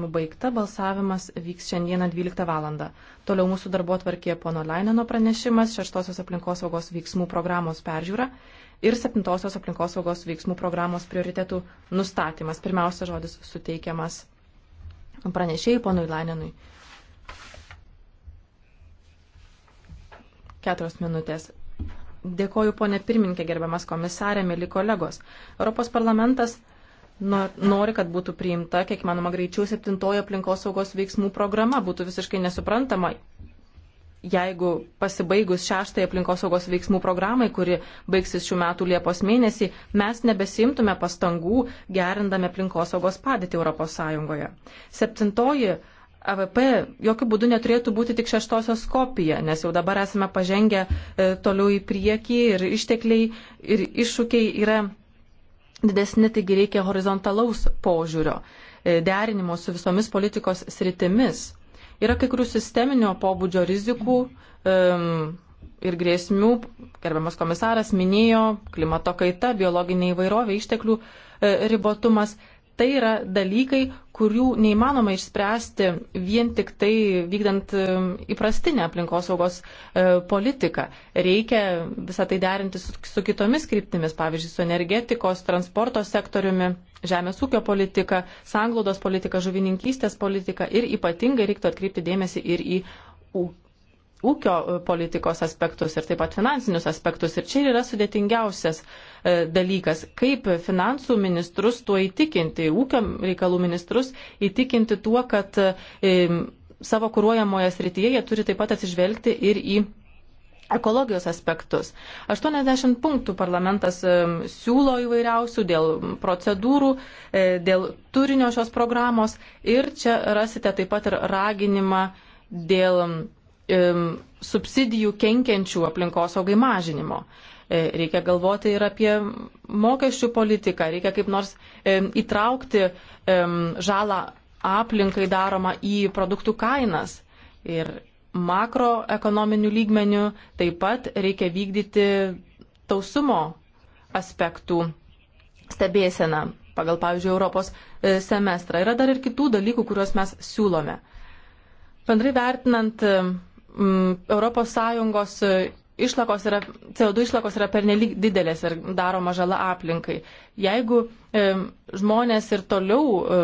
balsavimu baigta. Balsavimas vyks šiandieną 12 val. Toliau mūsų darbo tvarkė pono Laineno pranešimas, šeštosios aplinkosaugos veiksmų programos peržiūra ir septintosios aplinkosaugos veiksmų programos prioritetų nustatymas. Pirmiausia žodis suteikiamas pranešėjai ponui Lainenui. Keturios minutės. Dėkoju, ponė pirmininkė, gerbiamas komisarė, mėly kolegos. Europos parlamentas nori, kad būtų priimta, kiek manoma, greičiau septintojo aplinkosaugos veiksmų programa. Būtų visiškai nesuprantama, jeigu pasibaigus šeštąją aplinkosaugos veiksmų programai, kuri baigsis šių metų Liepos mėnesį, mes nebesimtume pastangų gerindami aplinkosaugos padėtį ES. Septintoji AVP jokių būdų neturėtų būti tik šeštosios kopija, nes jau dabar esame pažengę e, toliau į priekį ir ištekliai ir iššūkiai yra didesni, taigi reikia horizontalaus požiūrio, e, derinimo su visomis politikos sritimis. Yra kai kurių sisteminio pobūdžio rizikų um, ir grėsmių, gerbiamas komisaras minėjo, klimato kaita, biologinė įvairovė, išteklių e, ribotumas. Tai yra dalykai, kurių neįmanoma išspręsti vien tik tai vykdant įprastinę aplinkosaugos e, politiką. Reikia visą tai derinti su, su kitomis kryptimis, pavyzdžiui, su energetikos, transporto sektoriumi, žemės ūkio politika, sanglaudos politika, žuvininkystės politika ir ypatingai reiktų atkreipti dėmesį ir į ūkio e, politikos aspektus ir taip pat finansinius aspektus. Ir čia yra sudėtingiausias e, dalykas, kaip finansų ministrus tuo įtikinti, ūkio reikalų ministrus įtikinti tuo, kad e, savo kūruojamoje srityje jie turi taip pat atsižvelgti ir į ekologijos aspektus. 80 punktų parlamentas siūlo įvairiausių dėl procedūrų, dėl turinio šios programos ir čia rasite taip pat ir raginimą dėl subsidijų kenkiančių aplinkosaugai mažinimo. E, reikia galvoti ir apie mokesčių politiką, reikia kaip nors įtraukti žalą aplinkai daromą į produktų kainas. Ir makroekonominių lygmenių taip pat reikia vykdyti tausumo aspektų stebėseną pagal, pavyzdžiui, Europos e, semestrą. Yra dar ir kitų dalykų, kuriuos mes siūlome. Bendrai vertinant, Mm, ES e, išlakos yra, CO2 išlakos yra pernelyg didelės ir daroma žala aplinkai. Jeigu e, žmonės ir toliau e,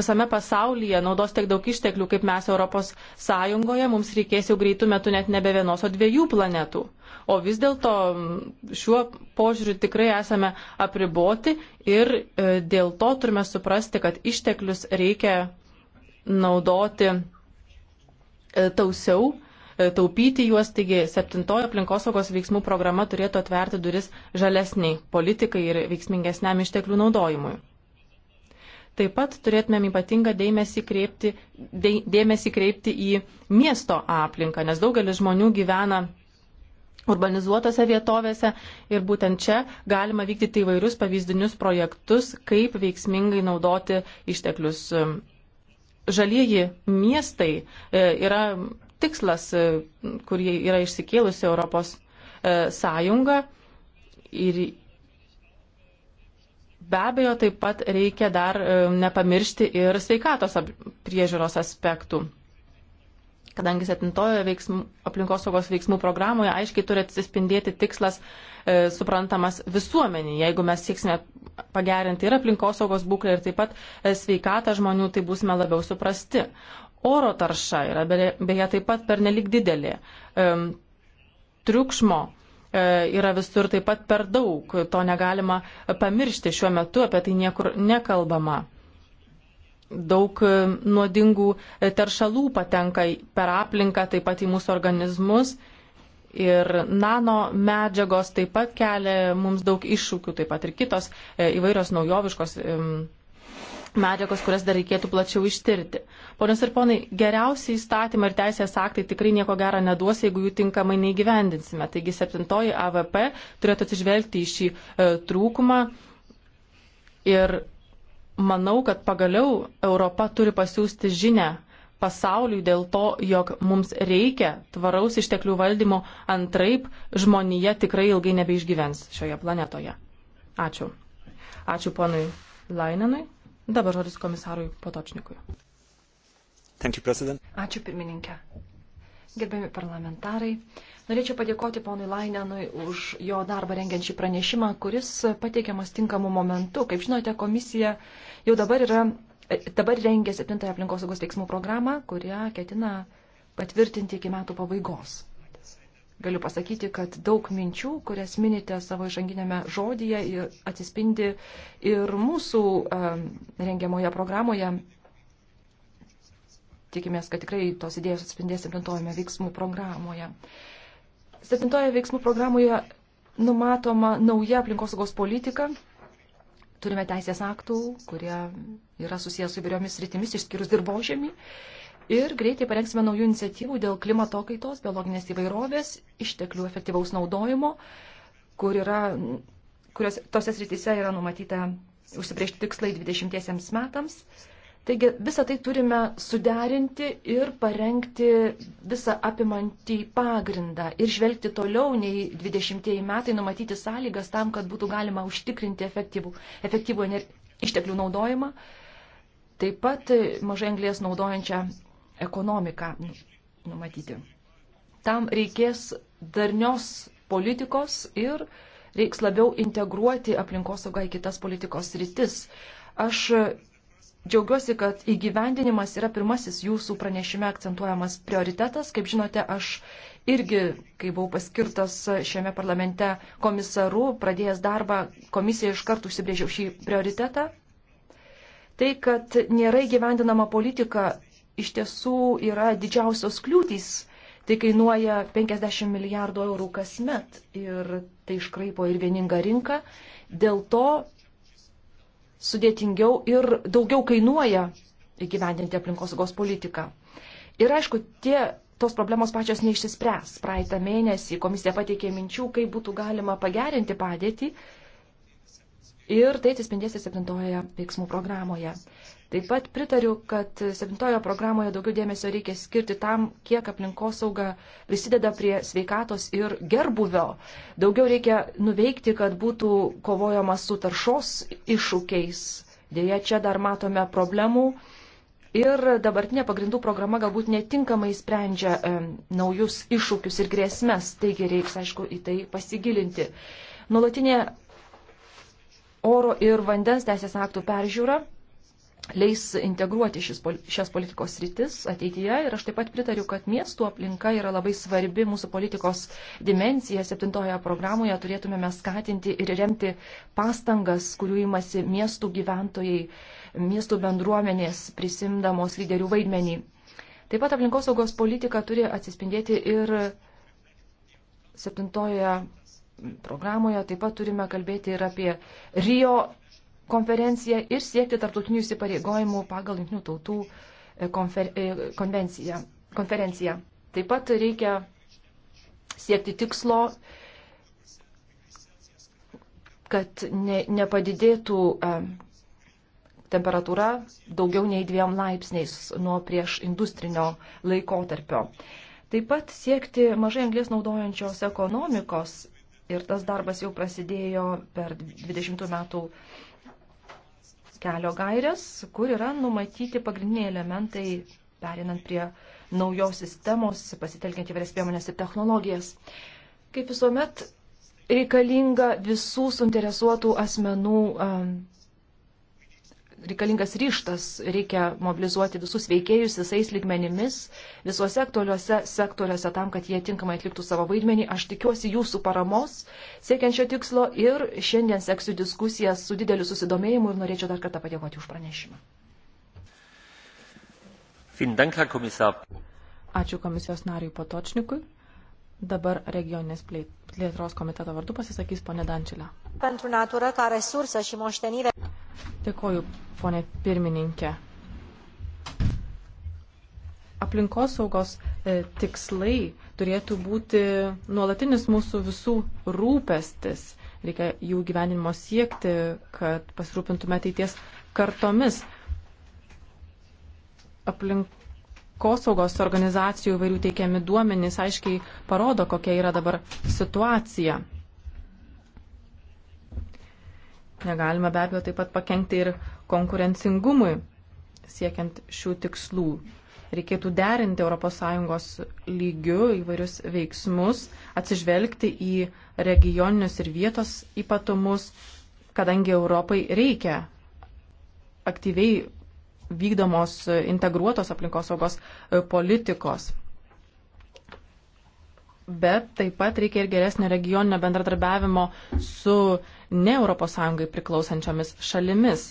visame pasaulyje naudos tiek daug išteklių, kaip mes Europos Sąjungoje, mums reikės jau greitų metų net nebe vienos, o dviejų planetų. O vis dėlto mm, šiuo požiūriu tikrai esame apriboti ir e, dėl to turime suprasti, kad išteklius reikia naudoti E, tausiau, e, taupyti juos, taigi septintojo aplinkosaugos veiksmų programa turėtų atverti duris žalesniai politikai ir veiksmingesniam išteklių naudojimui. Taip pat turėtumėm ypatingą dėmesį kreipti, dė, dėmesį kreipti į miesto aplinką, nes daugelis žmonių gyvena urbanizuotose vietovėse ir būtent čia galima vykdyti įvairius pavyzdinius projektus, kaip veiksmingai naudoti išteklius žalieji miestai e, yra tikslas, e, kurį yra išsikėlusi Europos e, sąjunga. Ir be abejo, taip pat reikia dar nepamiršti ir sveikatos priežiūros aspektų kadangi septintojoje veiksmų, aplinkosaugos veiksmų programoje aiškiai turi atsispindėti tikslas e, suprantamas visuomenį. Jeigu mes sieksime pagerinti ir aplinkosaugos būklę, ir taip pat e, sveikatą žmonių, tai būsime labiau suprasti. Oro tarša yra beje, beje taip pat pernelik didelė. E, triukšmo e, yra visur taip pat per daug, to negalima pamiršti šiuo metu, apie tai niekur nekalbama daug e, nuodingų e, teršalų patenka per aplinką, taip pat į mūsų organizmus. Ir nano medžiagos taip pat kelia mums daug iššūkių, taip pat ir kitos e, įvairios naujoviškos medžiagos, kurias dar reikėtų plačiau ištirti. Ponios ir ponai, geriausi įstatymai ir teisės aktai tikrai nieko gero neduos, jeigu jų tinkamai neįgyvendinsime. Taigi septintoji AVP turėtų atsižvelgti į šį e, trūkumą ir manau, kad pagaliau Europa turi pasiūsti žinę pasauliui dėl to, jog mums reikia tvaraus išteklių valdymo, antraip žmonija tikrai ilgai nebeišgyvens šioje planetoje. Ačiū. Ačiū ponui Laininui. Dabar žodis komisarui Potočnikui. You, Ačiū pirmininkė gerbiami parlamentarai. Norėčiau padėkoti ponui Lainenui už jo darbą rengiant šį pranešimą, kuris pateikiamas tinkamu momentu. Kaip žinote, komisija jau dabar, yra, e, dabar rengia 7 aplinkosaugos veiksmų programą, kurią ketina patvirtinti iki metų pabaigos. Galiu pasakyti, kad daug minčių, kurias minite savo išanginėme žodyje, atsispindi ir mūsų e, rengiamoje programoje tikimės, kad tikrai tos idėjos atspindės septintojame veiksmų programoje. Septintoje veiksmų programoje numatoma nauja aplinkosaugos politika. Turime teisės aktų, kurie yra susijęs su įvairiomis rytimis, išskyrus dirbožėmį. Ir greitai parengsime naujų iniciatyvų dėl klimato kaitos, biologinės įvairovės, išteklių efektyvaus naudojimo, kur yra, kurios tose srityse yra numatyta užsibriežti tikslai 20 metams. Taigi visą tai turime suderinti ir parengti visą apimantį pagrindą ir žvelgti toliau nei 20 metai, numatyti sąlygas tam, kad būtų galima užtikrinti efektyvų, efektyvų išteklių naudojimą, taip pat mažai anglės naudojančią ekonomiką numatyti. Tam reikės darnios politikos ir reiks labiau integruoti aplinkosaugą į kitas politikos rytis. Aš Džiaugiuosi, kad įgyvendinimas yra pirmasis jūsų pranešime akcentuojamas prioritetas. Kaip žinote, aš irgi, kai buvau paskirtas šiame parlamente komisaru, pradėjęs darbą, komisija iš karto užsibrėžiau šį prioritetą. Tai, kad nėra įgyvendinama politika, iš tiesų yra didžiausios kliūtys. Tai kainuoja 50 milijardų eurų kasmet ir tai iškraipo ir vieningą rinką. Dėl to sudėtingiau ir daugiau kainuoja įgyvendinti aplinkosaugos politiką. Ir aišku, tie, tos problemos pačios neišsispręs. Praeitą mėnesį komisija pateikė minčių, kaip būtų galima pagerinti padėtį ir tai atsispindės ir septintoje veiksmų programoje. Taip pat pritariu, kad septintojo programoje daugiau dėmesio reikia skirti tam, kiek aplinkosauga prisideda prie sveikatos ir gerbuvio. Daugiau reikia nuveikti, kad būtų kovojama su taršos iššūkiais. Deja, čia dar matome problemų. Ir dabartinė pagrindų programa galbūt netinkamai sprendžia e, naujus iššūkius ir grėsmes, taigi reiks, aišku, į tai pasigilinti. Nuolatinė oro ir vandens teisės aktų peržiūra leis integruoti šis, šias politikos rytis ateityje. Ir aš taip pat pritariu, kad miestų aplinka yra labai svarbi mūsų politikos dimencija. Septintoje programoje turėtumėme skatinti ir remti pastangas, kurių imasi miestų gyventojai, miestų bendruomenės prisimdamos lyderių vaidmenį. Taip pat aplinkosaugos politika turi atsispindėti ir septintoje programoje. Taip pat turime kalbėti ir apie Rio konferenciją ir siekti tarptautinių įsipareigojimų pagal Junktinių tautų e, konfer, e, konvenciją, konferenciją. Taip pat reikia siekti tikslo, kad ne, nepadidėtų e, temperatūra daugiau nei dviem laipsniais nuo prieš industrinio laikotarpio. Taip pat siekti mažai anglės naudojančios ekonomikos ir tas darbas jau prasidėjo per 20 metų kelio gairias, kur yra numatyti pagrindiniai elementai, perinant prie naujos sistemos, pasitelkiant įvairias priemonės ir technologijas. Kaip visuomet, reikalinga visų suinteresuotų asmenų um, reikalingas ryštas, reikia mobilizuoti visus veikėjus visais ligmenimis, visuose aktualiuose sektoriuose tam, kad jie tinkamai atliktų savo vaidmenį. Aš tikiuosi jūsų paramos siekiančio tikslo ir šiandien seksiu diskusijas su dideliu susidomėjimu ir norėčiau dar kartą padėkoti už pranešimą. Ačiū komisijos nariui Patočnikui. Dabar regioninės plėtros komiteto vardu pasisakys ponė Dančilė. Pentru natură, ca resursă și moștenire. Dėkoju, ponė pirmininkė. Aplinkosaugos e, tikslai turėtų būti nuolatinis mūsų visų rūpestis. Reikia jų gyvenimo siekti, kad pasirūpintume ateities kartomis. Aplink aplinkosaugos organizacijų įvairių teikiami duomenys aiškiai parodo, kokia yra dabar situacija. Negalime be abejo taip pat pakengti ir konkurencingumui siekiant šių tikslų. Reikėtų derinti ES lygių įvairius veiksmus, atsižvelgti į regioninius ir vietos ypatumus, kadangi Europai reikia aktyviai vykdomos integruotos aplinkosaugos e, politikos. Bet taip pat reikia ir geresnio regioninio bendradarbiavimo su ne ES priklausančiomis šalimis,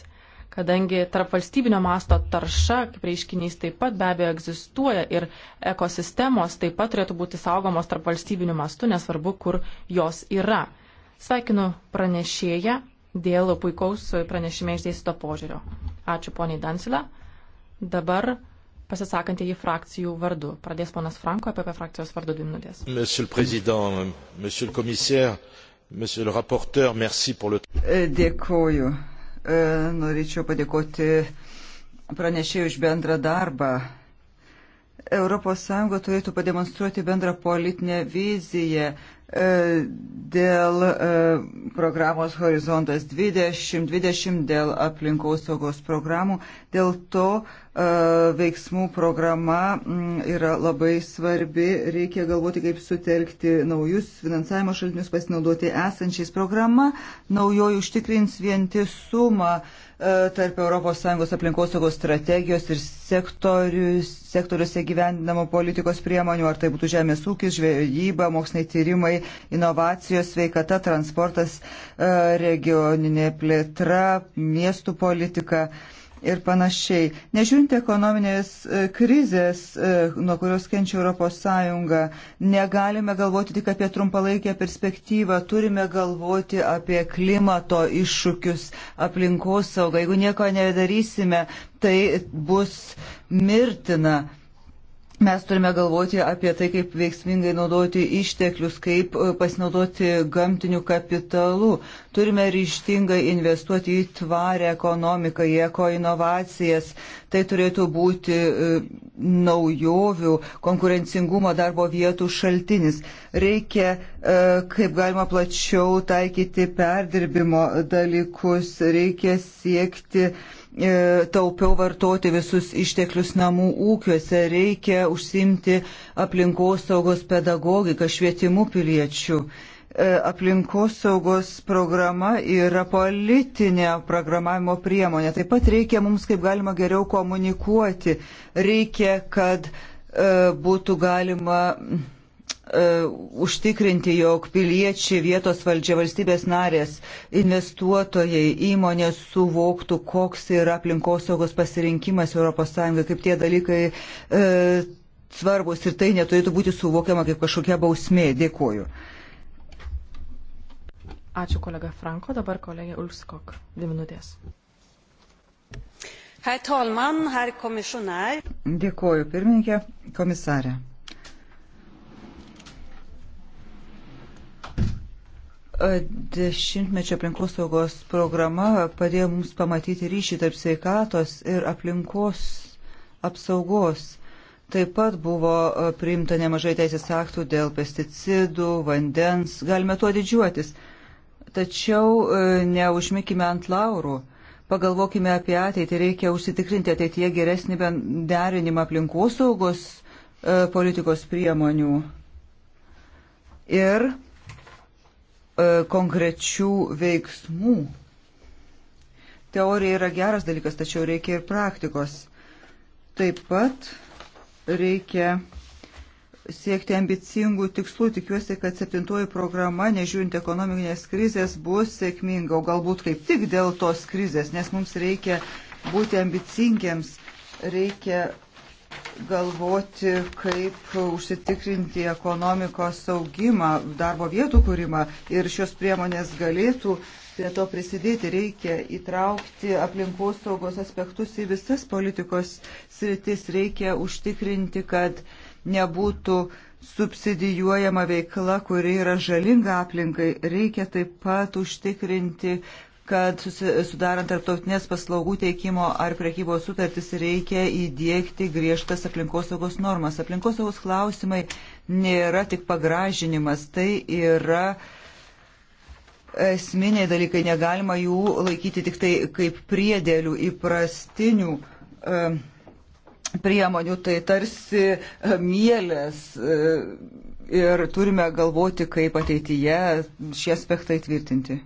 kadangi tarp valstybinio masto tarša, kaip reiškinys, taip pat be abejo egzistuoja ir ekosistemos taip pat turėtų būti saugomos tarp valstybinių mastų, nesvarbu, kur jos yra. Sveikinu pranešėją dėl puikaus pranešime išdėstyto požiūrio. Ačiū poniai Dansila. Dabar pasisakantį į frakcijų vardu. Pradės ponas Franko apie, apie frakcijos vardu dvi minutės. Monsieur le Président, Monsieur le Commissaire, Monsieur le Rapporteur, merci pour le... E, dėkoju. E, norėčiau padėkoti pranešėjų už bendrą darbą. ES turėtų pademonstruoti bendrą politinę viziją E, dėl e, programos Horizontas 2020, dėl aplinkaus saugos programų. Dėl to e, veiksmų programa yra labai svarbi. Reikia galvoti, kaip sutelkti naujus finansavimo šaltinius, pasinaudoti esančiais. Programa naujoji užtikrins vientisumą E, tarp ES aplinkosaugos strategijos ir sektoriuose gyvendinamo politikos priemonių, ar tai būtų žemės ūkis, žvejyba, moksliniai tyrimai, inovacijos, sveikata, transportas, e, regioninė plėtra, miestų politika. Uh, ir panašiai. Nežiūrint ekonominės e, krizės, e, nuo kurios kenčia ES, negalime galvoti tik apie trumpalaikę perspektyvą, turime galvoti apie klimato iššūkius, aplinkos saugą. Jeigu nieko nedarysime, tai bus mirtina. Mes turime galvoti apie tai, kaip veiksmingai naudoti išteklius, kaip e, pasinaudoti gamtiniu kapitalu. Turime ryštingai investuoti į tvarę ekonomiką, į ekoinovacijas. Tai turėtų būti e, naujovių, konkurencingumo darbo vietų šaltinis. Reikia, e, kaip galima plačiau taikyti perdirbimo dalykus, reikia siekti E, taupiau vartoti visus išteklius namų ūkiuose, reikia užsimti aplinkosaugos pedagogiką, švietimu piliečių. E, aplinkosaugos programa yra politinė programavimo priemonė. Taip pat reikia mums kaip galima geriau komunikuoti. Reikia, kad e, būtų galima E, užtikrinti, jog piliečiai, vietos valdžia, valstybės narės, investuotojai, įmonės suvoktų, koks yra aplinkosaugos pasirinkimas ES, kaip tie dalykai e, svarbus ir tai neturėtų būti suvokiama kaip kažkokia bausmė. Dėkuoju. Ačiū kolega Franko, dabar kolegė Ulskok. Dvi minutės. Herr talman, herr komisionär. Dėkuoju, pirmininkė, komisarė. Dešimtmečio aplinkosaugos programa padėjo mums pamatyti ryšį tarp sveikatos ir aplinkos apsaugos. Taip pat buvo e, priimta nemažai teisės aktų dėl pesticidų, vandens, galime tuo didžiuotis. Tačiau e, neužmikime ant laurų. Pagalvokime apie ateitį, reikia užsitikrinti ateityje geresnį derinimą aplinkosaugos e, politikos priemonių. Ir E, konkrečių veiksmų. Teorija yra geras dalykas, tačiau reikia ir praktikos. Taip pat reikia siekti ambicingų tikslų. Tikiuosi, kad septintoji programa, nežiūrint ekonominės krizės, bus sėkminga, o galbūt kaip tik dėl tos krizės, nes mums reikia būti ambicingiams, reikia galvoti, kaip užsitikrinti ekonomikos saugimą, darbo vietų kūrimą ir šios priemonės galėtų prie to prisidėti. Reikia įtraukti aplinkos saugos aspektus į visas politikos sritis, reikia užtikrinti, kad nebūtų subsidijuojama veikla, kuri yra žalinga aplinkai. Reikia taip pat užtikrinti kad sudarant tarptautinės paslaugų teikimo ar prekybos sutartis reikia įdėkti griežtas aplinkosaugos normas. Aplinkosaugos klausimai nėra tik pagražinimas, tai yra esminiai dalykai, negalima jų laikyti tik tai kaip priedėlių įprastinių. E, priemonių, tai tarsi mielės ir turime galvoti, kaip ateityje šie aspektai tvirtinti.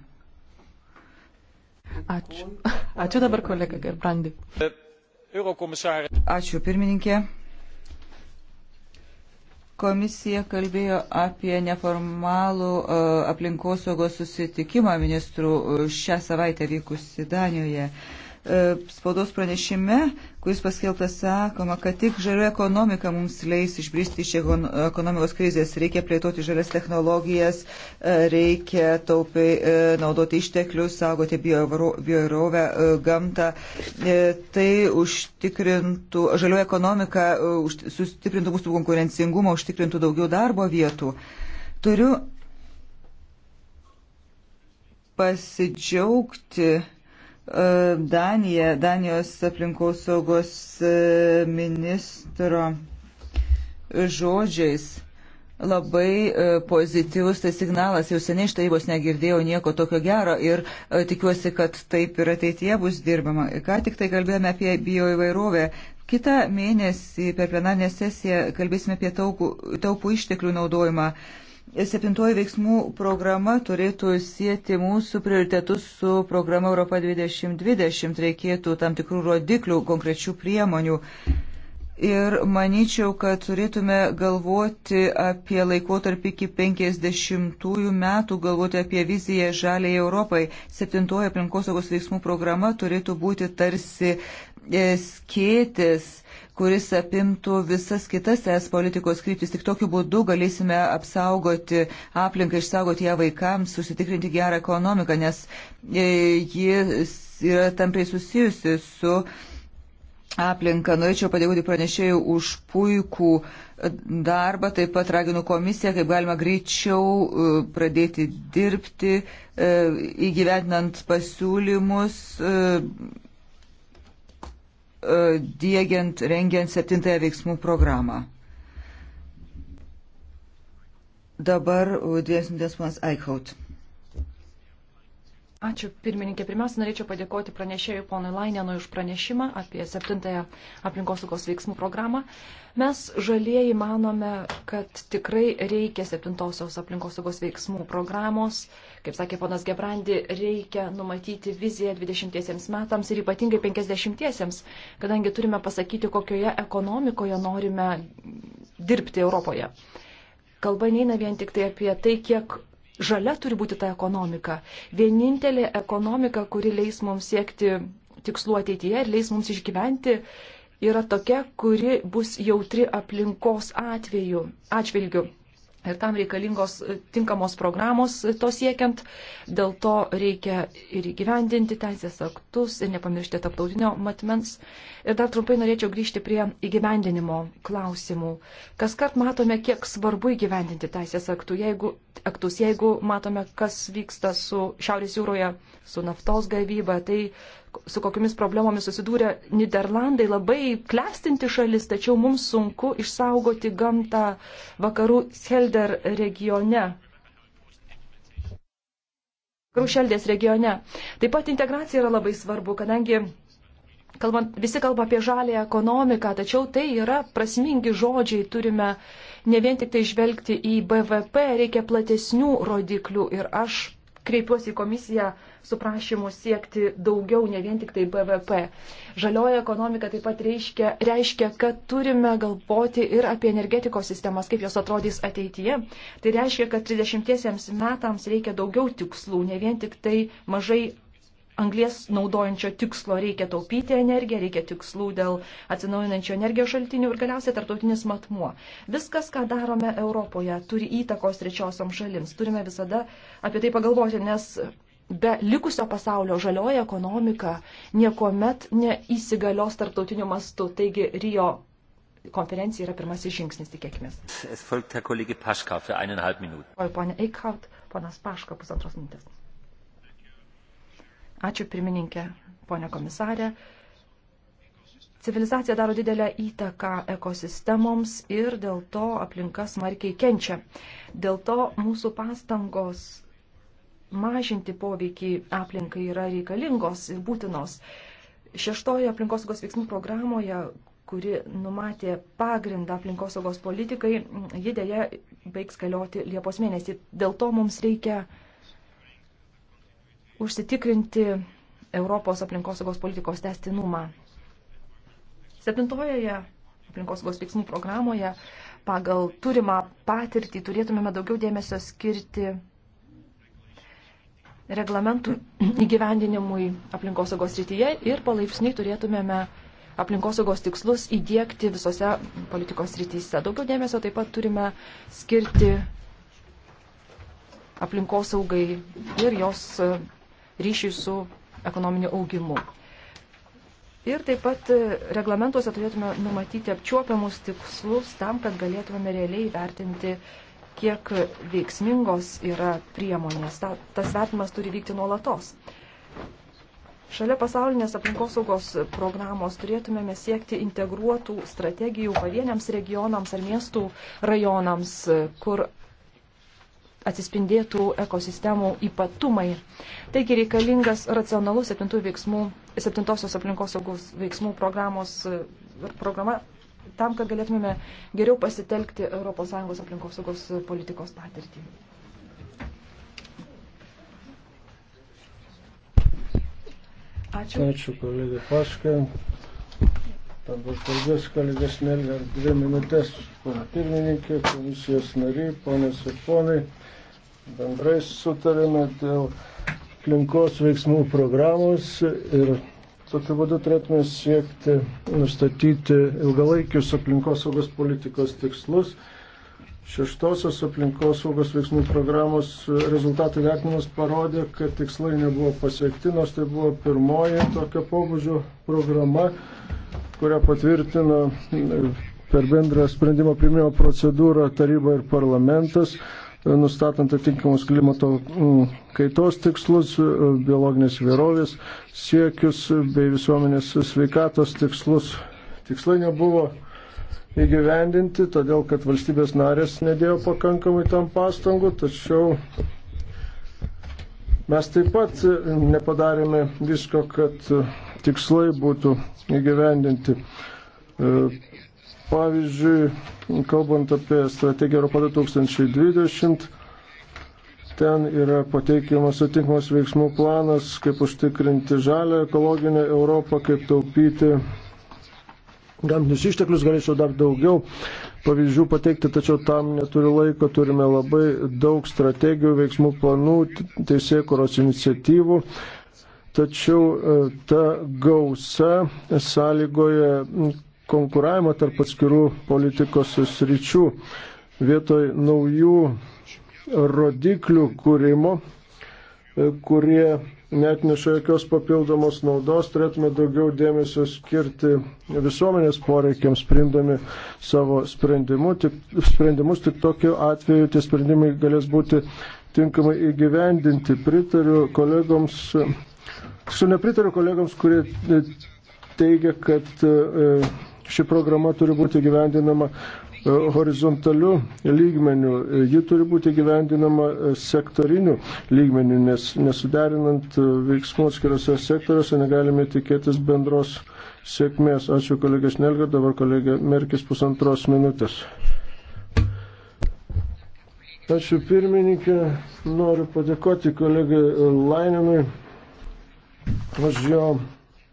Ačiū. Ačiū dabar kolega Gerbrandi. Ačiū pirmininkė. Komisija kalbėjo apie neformalų e, aplinkosaugos susitikimą ministrų e, šią savaitę vykusi Danijoje. E, spaudos pranešime kuris paskelbtas, sakoma, kad tik žalio ekonomika mums leis išbristi iš ekonomikos krizės. Reikia plėtoti žalias technologijas, e, reikia taupiai e, naudoti išteklius, saugoti bioįvairovę, e, gamtą. Tai užtikrintų, žalio ekonomika sustiprintų mūsų konkurencingumą, užtikrintų daugiau darbo vietų. Turiu pasidžiaugti Danija, Danijos aplinkos saugos e, ministro žodžiais labai e, pozityvus tai signalas. Jau seniai iš tarybos negirdėjau nieko tokio gero ir e, tikiuosi, kad taip ir ateityje bus dirbama. Ką tik tai kalbėjome apie bioįvairovę. Kita mėnesį per plenarinę sesiją kalbėsime apie taupų, taupų išteklių naudojimą. Uh, Septintoji veiksmų programa turėtų sieti mūsų prioritetus su programa Europa 2020. Reikėtų tam tikrų rodiklių, konkrečių priemonių. Ir manyčiau, kad turėtume galvoti apie laikotarpį iki 50 metų, galvoti apie viziją žaliai Europai. Septintoji aplinkosaugos veiksmų programa turėtų būti tarsi e, skėtis kuris apimtų visas kitas es politikos kryptis. Tik tokiu būdu galėsime apsaugoti aplinką, išsaugoti ją vaikams, susitikrinti gerą ekonomiką, nes e, ji yra tampriai susijusi su aplinką. Norėčiau padėkoti pranešėjų už puikų darbą, taip pat raginu komisiją, kaip galima greičiau e, pradėti dirbti, e, įgyvendinant pasiūlymus E, dėgiant, rengiant septintąją veiksmų programą. Dabar e, dvies minutės ponas Eichhaut. Ačiū pirmininkė. Pirmiausia, norėčiau padėkoti pranešėjui ponui Lainenui už pranešimą apie septintąją aplinkosaugos veiksmų programą. Mes žalieji manome, kad tikrai reikia septintosios aplinkosaugos veiksmų programos. Kaip sakė ponas Gebrandi, reikia numatyti viziją 20 metams ir ypatingai 50-iesiems, kadangi turime pasakyti, kokioje ekonomikoje norime dirbti Europoje. Kalba neina vien tik tai apie tai, kiek žalia turi būti ta ekonomika. Vienintelė ekonomika, kuri leis mums siekti tikslų ateityje ir leis mums išgyventi, yra tokia, kuri bus jautri aplinkos atveju, atžvilgiu. Ir tam reikalingos e, tinkamos programos e, to siekiant, dėl to reikia ir įgyvendinti teisės aktus ir nepamiršti taptautinio matmens. Ir dar trumpai norėčiau grįžti prie įgyvendinimo klausimų. Kas kart matome, kiek svarbu įgyvendinti teisės aktų. Jeigu aktus. Jeigu matome, kas vyksta su Šiaurės jūroje, su naftos gavyba, tai su kokiamis problemomis susidūrė Niderlandai, labai klestinti šalis, tačiau mums sunku išsaugoti gamtą vakarų Shelder regione. Vakarų Sheldės regione. Taip pat integracija yra labai svarbu, kadangi kalbant, visi kalba apie žalį ekonomiką, tačiau tai yra prasmingi žodžiai, turime ne vien tik tai žvelgti į BVP, reikia platesnių rodiklių ir aš kreipiuosi į komisiją su prašymu siekti daugiau, ne vien tik tai BVP. Žalioji ekonomika taip pat reiškia, reiškia, kad turime galvoti ir apie energetikos sistemas, kaip jos atrodys ateityje. Tai reiškia, kad 30 metams reikia daugiau tikslų, ne vien tik tai mažai anglės naudojančio tikslo reikia taupyti energiją, reikia tikslų dėl atsinaujinančio energijos šaltinių ir galiausiai tartautinis matmuo. Viskas, ką darome Europoje, turi įtakos trečiosiom šalims. Turime visada apie tai pagalvoti, nes be likusio pasaulio žalioja ekonomika niekuomet neįsigalios tarptautiniu mastu. Taigi Rio konferencija yra pirmasis žingsnis, tikėkime. Oi, ponia Eichhout, ponas Paška, pusantros minutės. Ačiū pirmininkė, ponė komisarė. Civilizacija daro didelę įtaką ekosistemoms ir dėl to aplinka smarkiai kenčia. Dėl to mūsų pastangos mažinti poveikį aplinkai yra reikalingos ir būtinos. Šeštoje aplinkosaugos veiksmų programoje, kuri numatė pagrindą aplinkosaugos politikai, ji dėja baigs galioti Liepos mėnesį. Dėl to mums reikia užsitikrinti Europos aplinkosaugos politikos testinumą. Septintojoje aplinkosaugos veiksmų programoje pagal turimą patirtį turėtumėme daugiau dėmesio skirti reglamentų įgyvendinimui aplinkosaugos rytyje ir palaipsniui turėtumėme aplinkosaugos tikslus įdėkti visose politikos rytyse. Daugiau dėmesio taip pat turime skirti aplinkosaugai ir jos ryšį su ekonominiu augimu. Ir taip pat e, reglamentuose turėtume numatyti apčiuopiamus tikslus tam, kad galėtume realiai vertinti, kiek veiksmingos yra priemonės. Ta, tas vertimas turi vykti nuolatos. Šalia pasaulinės aplinkosaugos programos turėtumėme siekti integruotų strategijų pavieniams regionams ar miestų rajonams, kur atsispindėtų ekosistemų ypatumai. Taigi reikalingas racionalus 7 veiksmų, 7 aplinkos saugos veiksmų programos e, programa tam, kad galėtumėme geriau pasitelkti ES aplinkos saugos politikos patirtį. Ačiū. Ačiū, kolega Paška. Dabar kalbės kolegas Nelgar dvi minutės. Pana pirmininkė, komisijos nariai, ponas ir ponai bendrai sutarėme dėl aplinkos veiksmų programos ir tokiu būdu turėtume siekti nustatyti ilgalaikius aplinkosaugos politikos tikslus. Šeštosios aplinkosaugos veiksmų programos rezultatų vertinimas parodė, kad tikslai nebuvo pasiekti, nors tai buvo pirmoji tokio pobūdžio programa, kurią patvirtino per bendrą sprendimo primimo procedūrą taryba ir parlamentas nustatant atitinkamus klimato mm, kaitos tikslus, e, biologinės vėrovės siekius bei visuomenės sveikatos tikslus. Tikslai nebuvo įgyvendinti, todėl kad valstybės narės nedėjo pakankamai tam pastangų, tačiau mes taip pat nepadarėme visko, kad tikslai būtų įgyvendinti. E, Pavyzdžiui, kalbant apie strategiją Europą 2020, ten yra pateikiamas atitinkamas veiksmų planas, kaip užtikrinti žalę ekologinę Europą, kaip taupyti gamtinius išteklius, galėčiau dar daugiau pavyzdžių pateikti, tačiau tam neturiu laiko, turime labai daug strategijų, veiksmų planų, teisėkuros iniciatyvų. Tačiau e, ta gausa sąlygoja konkuravimą tarp atskirų politikos sričių. Vietoj naujų rodiklių kūrimo, e, kurie net neša jokios papildomos naudos, turėtume daugiau dėmesio skirti visuomenės poreikiams, priimdami savo sprendimu, tik, sprendimus. Tik tokiu atveju tie sprendimai galės būti tinkamai įgyvendinti. Pritariu kolegoms, su nepritariu kolegoms, kurie e, teigia, kad e, Ši programa turi būti gyvendinama e, horizontaliu lygmeniu, e, ji turi būti gyvendinama e, sektoriniu lygmeniu, nes nesuderinant veiksmų atskirose sektoriuose negalime tikėtis bendros sėkmės. Ačiū kolegės Nelga, dabar kolegė Merkis pusantros minutės. Ačiū pirmininkė, noriu padėkoti kolegai Laininui už jo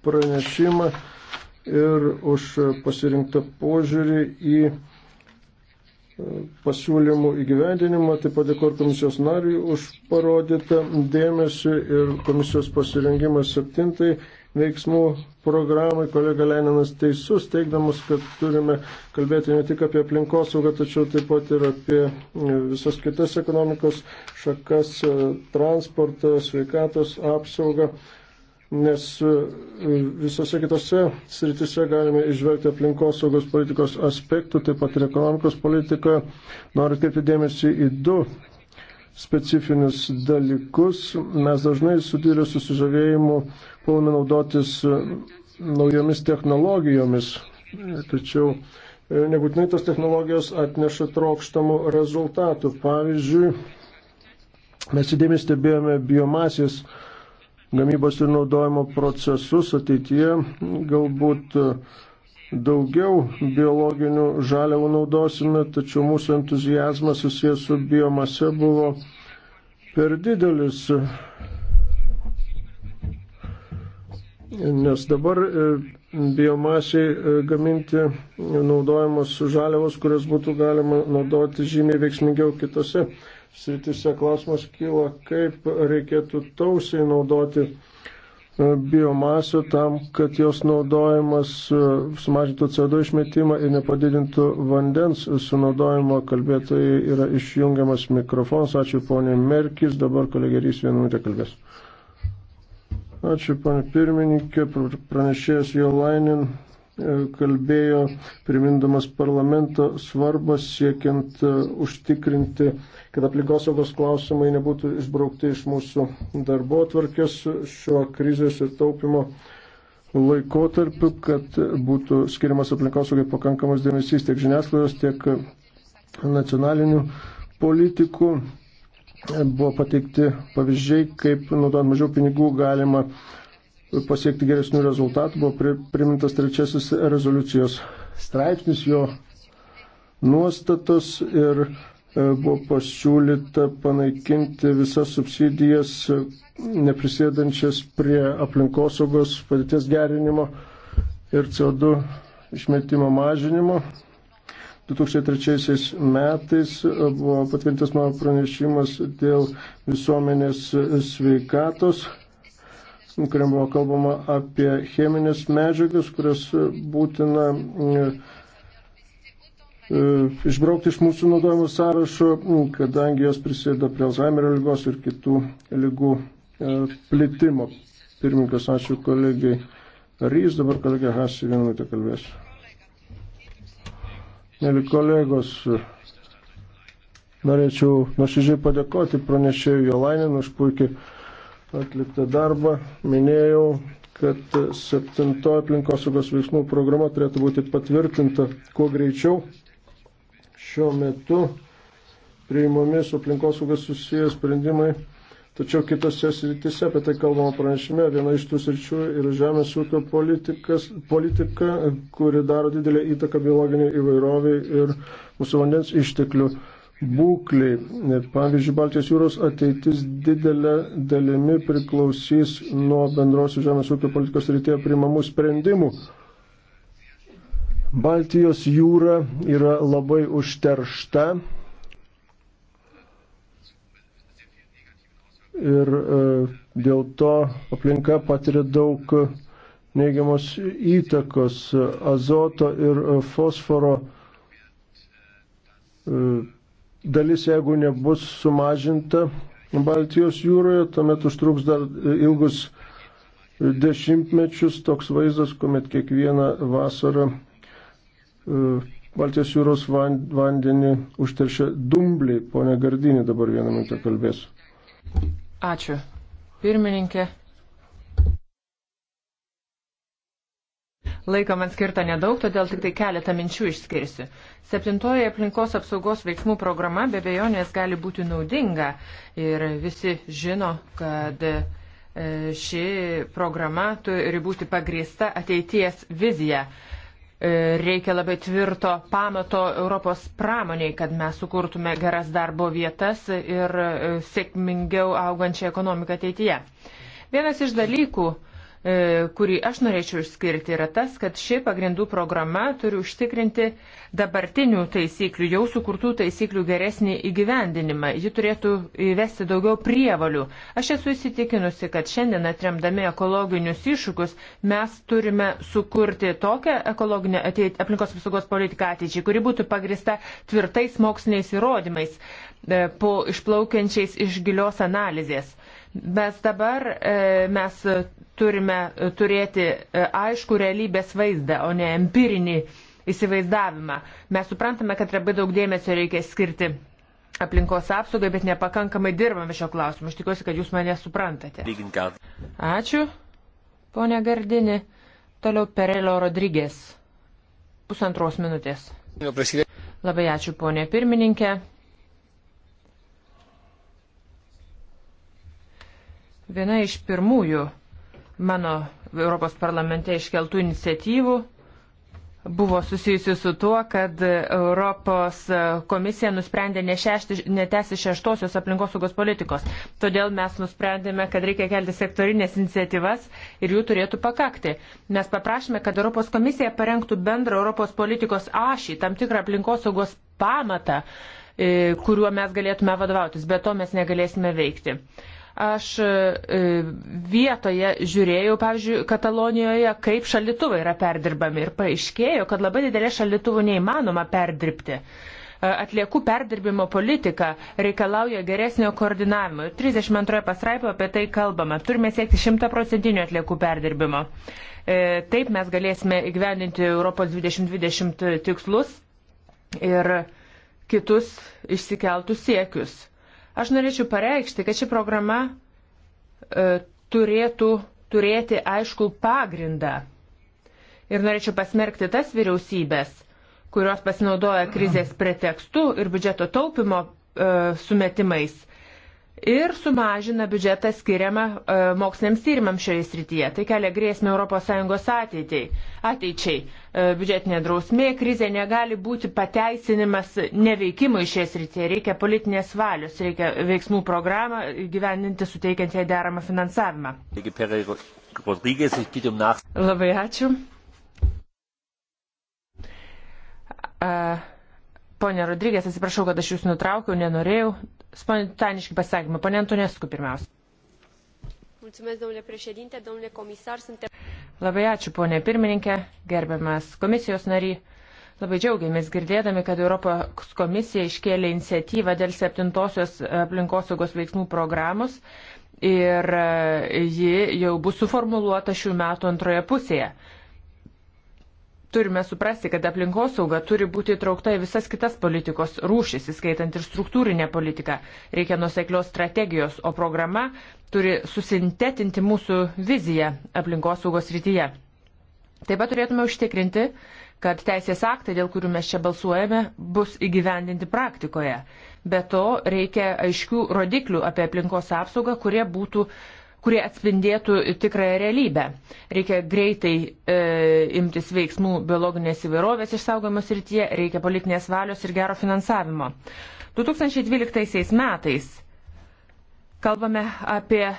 pranešimą ir už pasirinktą požiūrį į e, pasiūlymų įgyvendinimą. Taip pat dėkoju komisijos nariui už parodytą dėmesį ir komisijos pasirengimą septintai veiksmų programai. Kolega Leninas teisus, teikdamas, kad turime kalbėti ne tik apie aplinkosaugą, tačiau taip pat ir apie e, visas kitas ekonomikos šakas, e, transportą, sveikatos apsaugą nes e, visose kitose sritise galime išvelgti aplinkosaugos politikos aspektų, taip pat ir ekonomikos politikoje. Noriu atkreipti dėmesį į du specifinius dalykus. Mes dažnai su dideliu susižavėjimu puolame naudotis e, naujomis technologijomis, tačiau e, nebūtinai tos technologijos atneša trokštamų rezultatų. Pavyzdžiui, mes įdėmės stebėjome biomasės gamybos ir naudojimo procesus ateityje galbūt e, daugiau biologinių žaliavų naudosime, tačiau mūsų entuzijazmas susijęs su biomase buvo per didelis. Nes dabar e, biomasiai e, gaminti naudojamos žaliavos, kurias būtų galima naudoti žymiai veiksmingiau kitose sritise klausimas kyla, kaip reikėtų tausiai naudoti e, biomasę tam, kad jos naudojimas e, sumažintų CO2 išmetimą ir nepadidintų vandens sunaudojimo. Kalbėtojai yra išjungiamas mikrofonas. Ačiū ponė Merkis, dabar kolegė Rys vieną minutę kalbės. Ačiū ponė pirmininkė, pranešėjas Jo Lainin E, kalbėjo, primindamas parlamento svarbą siekiant e, užtikrinti, kad aplinkosaugos klausimai nebūtų išbraukti iš mūsų darbo tvarkės šio krizės ir taupimo laikotarpiu, kad būtų skiriamas aplinkosaugai pakankamas dėmesys tiek žiniasklaidos, tiek nacionalinių politikų. Buvo pateikti pavyzdžiai, kaip naudojant mažiau pinigų galima uh, pasiekti geresnių rezultatų, buvo primintas trečiasis rezoliucijos straipsnis, jo nuostatos ir e, buvo pasiūlyta panaikinti visas subsidijas e, neprisėdančias prie aplinkosaugos padėties gerinimo ir CO2 išmetimo mažinimo. 2003 metais e, buvo patvirtintas mano pranešimas dėl visuomenės sveikatos kuriam buvo kalbama apie cheminės medžiagas, kurias būtina e, e, išbraukti iš mūsų naudojimo sąrašo, kadangi jos prisėda prie Alzheimerio lygos ir kitų lygų e, plitimo. Pirmininkas, ačiū kolegijai Rys, dabar kolegija Hasi vieną minutę kalbės. Mėly kolegos, norėčiau nuoširdžiai padėkoti pranešėjų Jolainin už puikiai atliktą darbą. Minėjau, kad septintoji aplinkosaugos veiksmų programa turėtų būti patvirtinta kuo greičiau. Šiuo metu priimami su aplinkosaugas susijęs sprendimai, tačiau kitose srityse, apie tai kalbama pranešime, viena iš tų sričių yra žemės ūkio politika, kuri daro didelį įtaką biologiniai įvairoviai ir mūsų vandens išteklių būklei. Pavyzdžiui, Baltijos jūros ateitis didelė dalimi priklausys nuo bendrosios žemės ūkio politikos rytėje primamų sprendimų. Baltijos jūra yra labai užteršta ir e, dėl to aplinka patiria daug neigiamos įtakos azoto ir fosforo e, dalis, jeigu nebus sumažinta Baltijos jūroje, tuomet užtruks dar ilgus dešimtmečius toks vaizdas, kuomet kiekvieną vasarą e, Baltijos jūros vandenį užteršia dumbliai. Pone Gardinį dabar vieną minutę kalbės. Ačiū. Pirmininkė, Laiko man skirta nedaug, todėl tik tai keletą minčių išskirsiu. Septintoji aplinkos apsaugos veiksmų programa be bejonės gali būti naudinga ir visi žino, kad e, ši programa turi būti pagrįsta ateities vizija e, reikia labai tvirto pamato Europos pramoniai, kad mes sukurtume geras darbo vietas ir e, sėkmingiau augančią ekonomiką ateityje. Vienas iš dalykų, E, kurį aš norėčiau išskirti, yra tas, kad ši pagrindų programa turi užtikrinti dabartinių taisyklių, jau sukurtų taisyklių geresnį įgyvendinimą. Ji turėtų įvesti daugiau prievalių. Aš esu įsitikinusi, kad šiandien atremdami ekologinius iššūkius mes turime sukurti tokią ekologinę ateit, aplinkos apsaugos politiką ateičiai, kuri būtų pagrista tvirtais moksliniais įrodymais e, po išplaukiančiais iš gilios analizės Bet dabar e, mes turime turėti e, aišku realybės vaizdą, o ne empirinį įsivaizdavimą. Mes suprantame, kad labai daug dėmesio reikia skirti aplinkos apsaugai, bet nepakankamai dirbame šio klausimu. Aš tikiuosi, kad jūs mane suprantate. Ačiū, ponė Gardini. Toliau Perelio Rodrygės. Pusantros minutės. Labai ačiū, ponė pirmininkė. Viena iš pirmųjų mano Europos parlamente iškeltų iniciatyvų buvo susijusi su tuo, kad Europos komisija nusprendė netesi šeštosios aplinkosaugos politikos. Todėl mes nusprendėme, kad reikia kelti sektorinės iniciatyvas ir jų turėtų pakakti. Mes paprašėme, kad Europos komisija parengtų bendrą Europos politikos ašį, tam tikrą aplinkosaugos pamatą, e, kuriuo mes galėtume vadovautis. Be to mes negalėsime veikti. Aš e, vietoje žiūrėjau, pavyzdžiui, Katalonijoje, kaip šalituvai yra perdirbami ir paaiškėjo, kad labai didelė šalituvų neįmanoma perdirbti e, atliekų perdirbimo politika reikalauja geresnio koordinavimo. 32 pasraipo apie tai kalbama. Turime siekti 100% atliekų perdirbimo. E, taip mes galėsime įgyvendinti Europos 2020 tikslus ir kitus išsikeltus siekius. Aš norėčiau pareikšti, kad ši programa e, turėtų turėti aišku pagrindą. Ir norėčiau pasmerkti tas vyriausybės, kurios pasinaudoja krizės pretekstu ir biudžeto taupimo e, sumetimais ir sumažina biudžetą skiriamą e, moksliniams tyrimams šioje srityje. Tai kelia grėsmę ES ateičiai. ateičiai. E, biudžetinė drausmė, krizė negali būti pateisinimas neveikimui šioje srityje. Reikia politinės valios, reikia veiksmų programą gyveninti, suteikiant jai deramą finansavimą. Um Labai ačiū. A, Pone Rodrygės, atsiprašau, kad aš jūs nutraukiau, nenorėjau spontaniški pasakymai. Pane Antonesku pirmiausia. Mulțumesc, domnule președinte, domnule comisar, suntem... Labai ačiū, ponė pirmininkė, gerbiamas komisijos nary. Labai džiaugiamės girdėdami, kad Europos komisija iškėlė iniciatyvą dėl septintosios aplinkosaugos veiksmų programos ir e, ji jau bus suformuluota šių metų antroje pusėje turime suprasti, kad aplinkosauga turi būti įtraukta į visas kitas politikos rūšis, įskaitant ir struktūrinę politiką. Reikia nuseklios strategijos, o programa turi susintetinti mūsų viziją aplinkosaugos rytyje. Taip pat turėtume užtikrinti, kad teisės aktai, dėl kurių mes čia balsuojame, bus įgyvendinti praktikoje. Be to reikia aiškių rodiklių apie aplinkos apsaugą, kurie būtų uh, kurie atspindėtų tikrąją realybę. Reikia greitai e, imtis veiksmų biologinės įvairovės išsaugojimo srityje, reikia politinės valios ir gero finansavimo. 2012 metais kalbame apie e,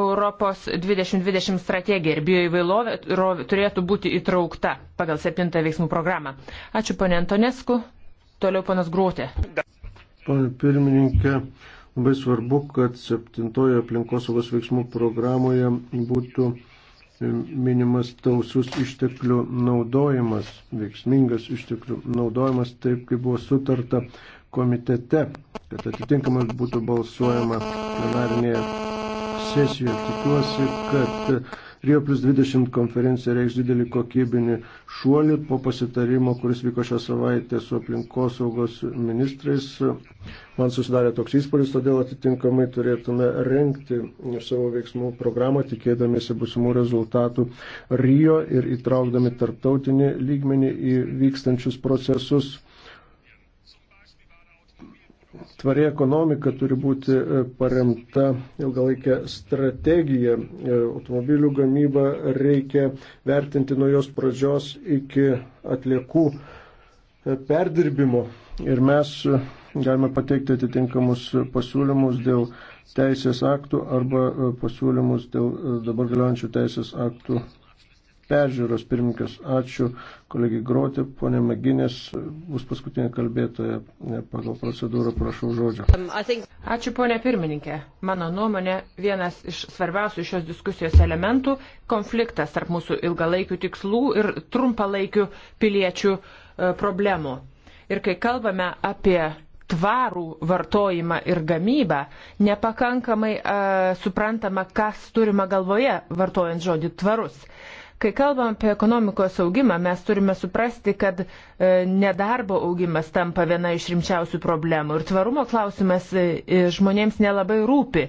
Europos 2020 strategiją ir bioįvairovė turėtų būti įtraukta pagal 7 veiksmų programą. Ačiū ponė Antonesku, toliau ponas Gruotė. Pane pirmininkė, Labai svarbu, kad septintojo aplinkosaugos veiksmų programoje būtų e, minimas tausus išteklių naudojimas, veiksmingas išteklių naudojimas, taip kaip buvo sutarta komitete, kad atitinkamas būtų balsuojama plenarinėje sesijoje. Tikiuosi, kad Rio plus 20 konferencija reikš didelį kokybinį šuolį po pasitarimo, kuris vyko šią savaitę su aplinkosaugos ministrais. Man susidarė toks įspūdis, todėl atitinkamai turėtume renkti savo veiksmų programą, tikėdamėsi busimų rezultatų Rio ir įtraukdami tarptautinį lygmenį į vykstančius procesus Tvari ekonomika turi būti e, paremta ilgalaikė strategija. E, automobilių gamybą reikia vertinti nuo jos pradžios iki atliekų e, perdirbimo. Ir mes galime pateikti atitinkamus pasiūlymus dėl teisės aktų arba pasiūlymus dėl dabar galiojančių teisės aktų peržiūros pirmininkas. Ačiū kolegai Groti, ponė Maginės, bus paskutinė kalbėtoja pagal procedūrą, prašau žodžio. Um, ačiū ponė pirmininkė. Mano nuomonė, vienas iš svarbiausių šios diskusijos elementų - konfliktas tarp mūsų ilgalaikių tikslų ir trumpalaikių piliečių e, problemų. Ir kai kalbame apie tvarų vartojimą ir gamybą, nepakankamai e, suprantama, kas turima galvoje vartojant žodį tvarus. Kai kalbam apie ekonomikos augimą, mes turime suprasti, kad e, nedarbo augimas tampa viena iš rimčiausių problemų ir tvarumo klausimas e, žmonėms nelabai rūpi.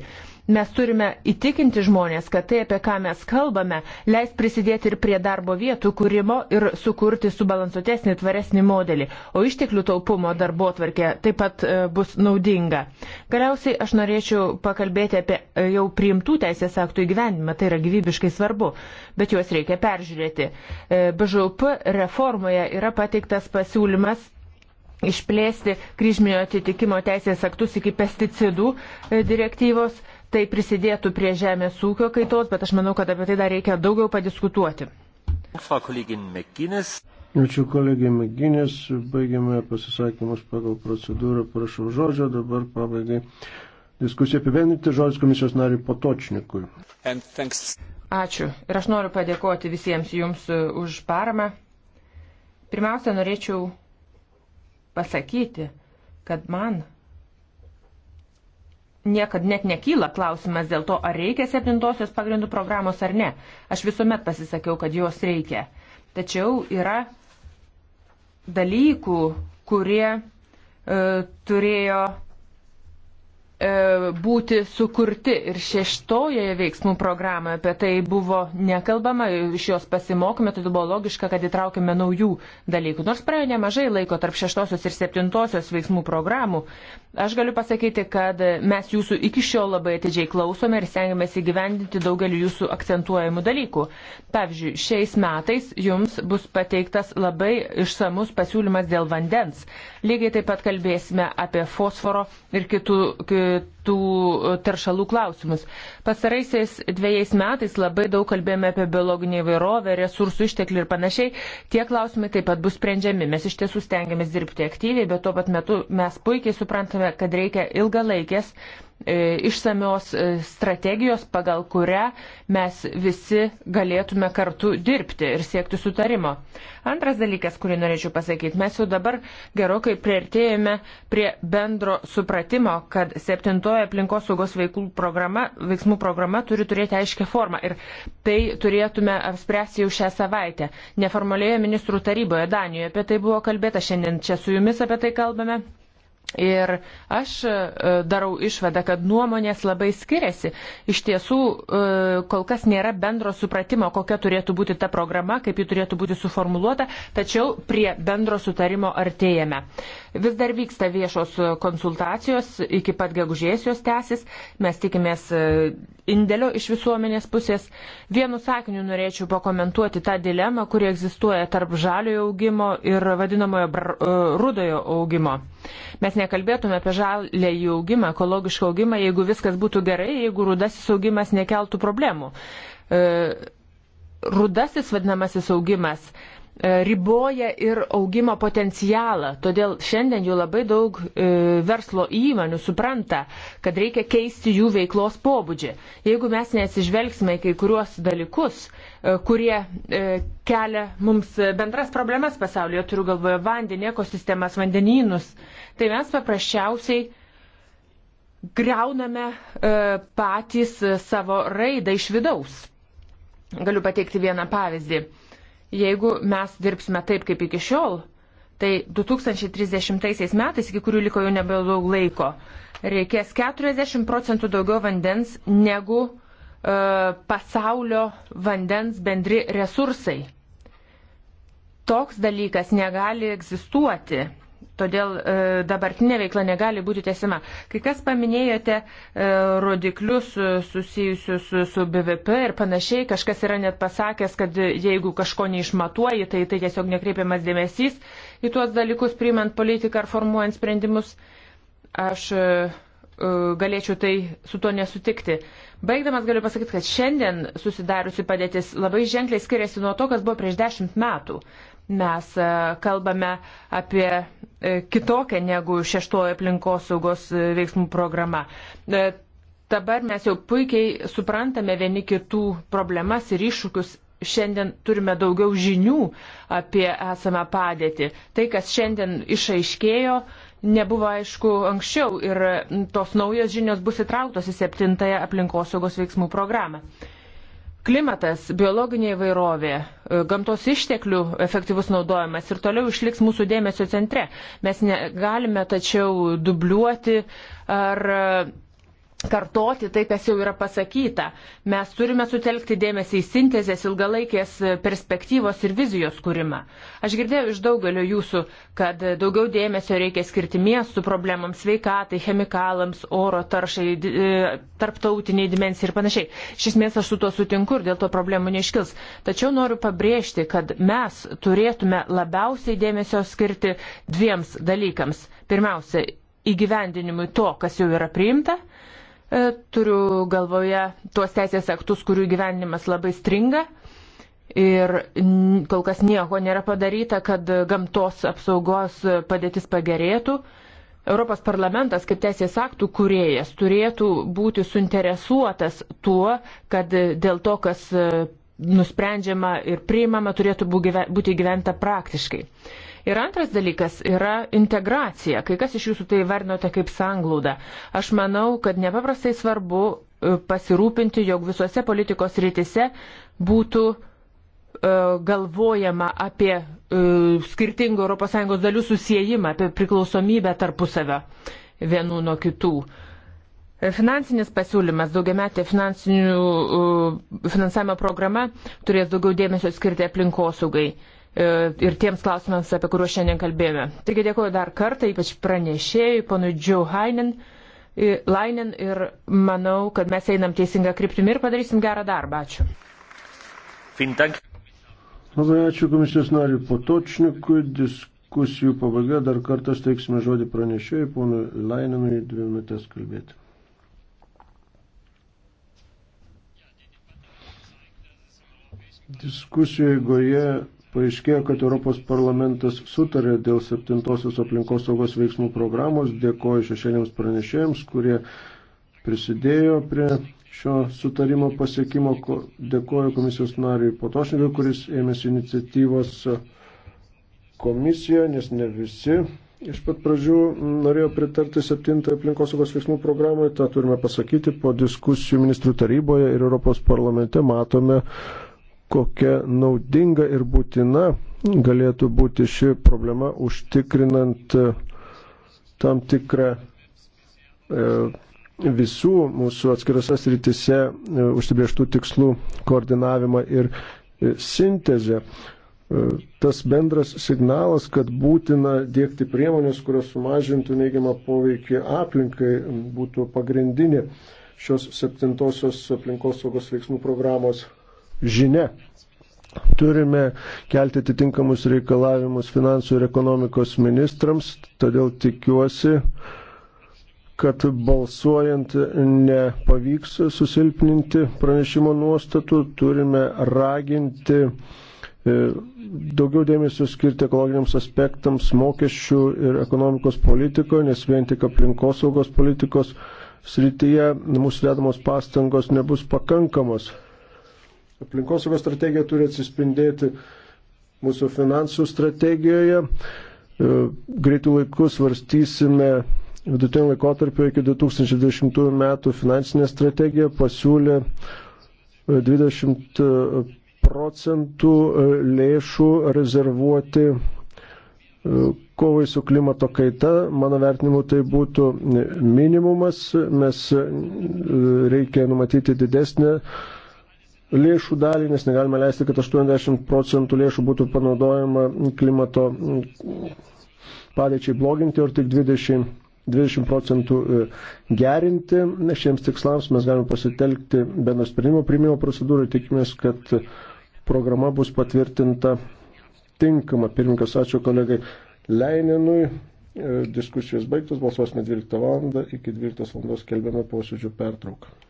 Mes turime įtikinti žmonės, kad tai, apie ką mes kalbame, leis prisidėti ir prie darbo vietų kūrimo ir sukurti subalansuotesnį, tvaresnį modelį, o išteklių taupumo darbo tvarkė taip pat e, bus naudinga. Galiausiai aš norėčiau pakalbėti apie e, jau priimtų teisės aktų įgyvendimą, tai yra gyvybiškai svarbu, bet juos reikia peržiūrėti. E, BŽUP reformoje yra pateiktas pasiūlymas išplėsti kryžminio atitikimo teisės aktus iki pesticidų direktyvos tai prisidėtų prie žemės ūkio kaitos, bet aš manau, kad apie tai dar reikia daugiau padiskutuoti. Ačiū kolegijai Meginės, baigiame pasisakymus pagal procedūrą, prašau žodžio, dabar pabaigai diskusiją apibendinti žodis komisijos nariui Potočnikui. Ačiū ir aš noriu padėkoti visiems jums e, už paramą. Pirmiausia, norėčiau pasakyti, kad man niekad net nekyla klausimas dėl to, ar reikia septintosios pagrindų programos ar ne. Aš visuomet pasisakiau, kad jos reikia. Tačiau yra dalykų, kurie e, turėjo E, būti sukurti. Ir šeštojoje veiksmų programoje apie tai buvo nekalbama, iš jos pasimokome, tai buvo logiška, kad įtraukime naujų dalykų. Nors praėjo nemažai laiko tarp šeštosios ir septintosios veiksmų programų, aš galiu pasakyti, kad mes jūsų iki šiol labai atidžiai klausome ir stengiamės įgyvendinti daugelį jūsų akcentuojamų dalykų. Pavyzdžiui, šiais metais jums bus pateiktas labai išsamus pasiūlymas dėl vandens. Lygiai taip pat kalbėsime apie fosforo ir kitų tų teršalų klausimus. Pasaraisiais dviejais metais labai daug kalbėjome apie biologinį įvairovę, resursų išteklių ir panašiai. Tie klausimai taip pat bus sprendžiami. Mes iš tiesų stengiamės dirbti aktyviai, bet tuo pat metu mes puikiai suprantame, kad reikia ilgalaikės E, išsamios e, strategijos, pagal kurią mes visi galėtume kartu dirbti ir siekti sutarimo. Antras dalykas, kurį norėčiau pasakyti, mes jau dabar gerokai prieartėjame prie bendro supratimo, kad septintoji aplinkos saugos programa, veiksmų programa turi turėti aiškę formą ir tai turėtume apspręsti jau šią savaitę. Neformalioje ministrų taryboje Danijoje apie tai buvo kalbėta, šiandien čia su jumis apie tai kalbame. Ir aš e, darau išvadą, kad nuomonės labai skiriasi. Iš tiesų, e, kol kas nėra bendro supratimo, kokia turėtų būti ta programa, kaip ji turėtų būti suformuoluota, tačiau prie bendro sutarimo artėjame. Vis dar vyksta viešos konsultacijos, iki pat gegužės jos tęsis, mes tikimės e, indėlio iš visuomenės pusės. Vienu sakiniu norėčiau pakomentuoti tą dilemą, kuri egzistuoja tarp žaliojo augimo ir vadinamojo e, rudojo augimo. Mes nekalbėtume apie žalėjį augimą, ekologišką augimą, jeigu viskas būtų gerai, jeigu rudasis augimas nekeltų problemų. E, rudasis vadinamasis augimas E, riboja ir augimo potencialą. Todėl šiandien jau labai daug e, verslo įmonių supranta, kad reikia keisti jų veiklos pobūdžią. Jeigu mes neatsižvelgsime į kai kuriuos dalykus, e, kurie kelia mums bendras problemas pasaulyje, turiu galvoje vandenį, ekosistemas, vandenynus, tai mes paprasčiausiai greuname patys savo raidą iš vidaus. Galiu pateikti vieną pavyzdį Jeigu mes dirbsime taip kaip iki šiol, tai 2030 metais, iki kurių liko jau nebedaug laiko, reikės 40 procentų daugiau vandens negu e, pasaulio vandens bendri resursai. Toks dalykas negali egzistuoti. Todėl e, dabartinė veikla negali būti tiesima. Kai kas paminėjote e, rodiklius e, susijusius su, su BVP ir panašiai, kažkas yra net pasakęs, kad jeigu kažko neišmatuoji, tai tai tiesiog nekreipiamas dėmesys į tuos dalykus, priimant politiką ar formuojant sprendimus. Aš e, e galėčiau tai su to nesutikti. Baigdamas galiu pasakyti, kad šiandien susidariusi padėtis labai ženkliai skiriasi nuo to, kas buvo prieš dešimt metų. Mes e, kalbame apie e, kitokią negu šeštojo aplinkosaugos e, veiksmų programa. Dabar mes jau puikiai suprantame vieni kitų problemas ir iššūkius šiandien turime daugiau žinių apie esamą padėtį. Tai, kas šiandien išaiškėjo, nebuvo aišku anksčiau ir tos naujos žinios bus įtrauktos į septintąją aplinkosaugos veiksmų programą. Klimatas, biologinė įvairovė, e, gamtos išteklių efektyvus naudojimas ir toliau išliks mūsų dėmesio centre. Mes negalime tačiau dubliuoti ar kartoti tai, kas jau yra pasakyta. Mes turime sutelkti dėmesį į sintezės, ilgalaikės perspektyvos ir vizijos kūrimą. Aš girdėjau iš daugelio jūsų, kad daugiau dėmesio reikia skirti miestų problemams, sveikatai, chemikalams, oro taršai, e, tarptautiniai dimensijai ir panašiai. Iš esmės aš su tuo sutinku ir dėl to problemų neiškils. Tačiau noriu pabrėžti, kad mes turėtume labiausiai dėmesio skirti dviems dalykams. Pirmiausia, įgyvendinimui to, kas jau yra priimta. E, turiu galvoje tuos teisės aktus, kurių gyvenimas labai stringa. Ir kol kas nieko nėra padaryta, kad gamtos apsaugos padėtis pagerėtų. Europos parlamentas kaip teisės aktų kuriejas turėtų būti suinteresuotas tuo, kad dėl to, kas e, nusprendžiama ir priimama, turėtų būti gyventa praktiškai. Ir antras dalykas yra integracija. Kai kas iš jūsų tai varnote kaip sanglauda. Aš manau, kad nepaprastai svarbu e, pasirūpinti, jog visose politikos rytise būtų e, galvojama apie e, skirtingų ES dalių susijimą, apie priklausomybę tarpusavio vienų nuo kitų. Finansinis pasiūlymas, daugiametė finansavimo programa turės daugiau dėmesio skirti aplinkosaugai. E, ir tiems klausimams, apie kuriuos šiandien kalbėjome. Taigi dėkuoju dar kartą, ypač pranešėjai, ponui Džiu Hainin. Lainin ir manau, kad mes einam teisingą kryptimį ir padarysim gerą darbą. Ačiū. Labai ačiū komisijos nariu Potočnikui. Diskusijų pabaiga dar kartą steiksime žodį pranešėjai, ponui Laininui, dvi minutės kalbėti. Diskusijų eigoje Paaiškėjo, kad Europos parlamentas sutarė dėl septintosios aplinkos saugos veiksmų programos. Dėkoju šešėliams pranešėjams, kurie prisidėjo prie šio sutarimo pasiekimo. Dėkoju komisijos nariui Potošnikui, kuris ėmėsi iniciatyvos komisijoje, nes ne visi iš pat pradžių norėjo pritarti septintąją aplinkosaugos veiksmų programai. Ta turime pasakyti po diskusijų ministrų taryboje ir Europos parlamente matome kokia naudinga ir būtina galėtų būti ši problema užtikrinant e, tam tikrą e, visų mūsų atskirose srityse e, užsibrieštų tikslų koordinavimą ir sintezę. Tas bendras signalas, kad būtina dėkti priemonės, kurios sumažintų neigiamą poveikį aplinkai, būtų pagrindinė šios septintosios aplinkosaugos veiksmų programos žinia. Turime kelti atitinkamus reikalavimus finansų ir ekonomikos ministrams, todėl tikiuosi, kad balsuojant nepavyks susilpninti pranešimo nuostatų, turime raginti e, daugiau dėmesio skirti ekologiniams aspektams mokesčių ir ekonomikos politikoje, nes vien tik aplinkosaugos politikos srityje mūsų dedamos pastangos nebus pakankamos. Aplinkosaugos strategija turi atsispindėti mūsų finansų strategijoje. E, greitų laikų svarstysime vidutinio laikotarpio iki 2020 metų finansinė strategija pasiūlė 20 e, e, procentų lėšų rezervuoti kovai su klimato kaita. Mano vertinimu tai būtų minimumas, mes reikia numatyti didesnę lėšų dalį, nes negalime leisti, kad 80 procentų lėšų būtų panaudojama klimato padėčiai bloginti, ir tik 20, 20 procentų e, gerinti. Šiems tikslams mes galime pasitelkti bendro sprendimo priimimo procedūrą ir tikimės, kad programa bus patvirtinta tinkama. Pirmininkas, ačiū kolegai Leininui. E, diskusijos baigtos, balsuosime 12 val. iki 12 val. kelbėme posėdžių pertrauką.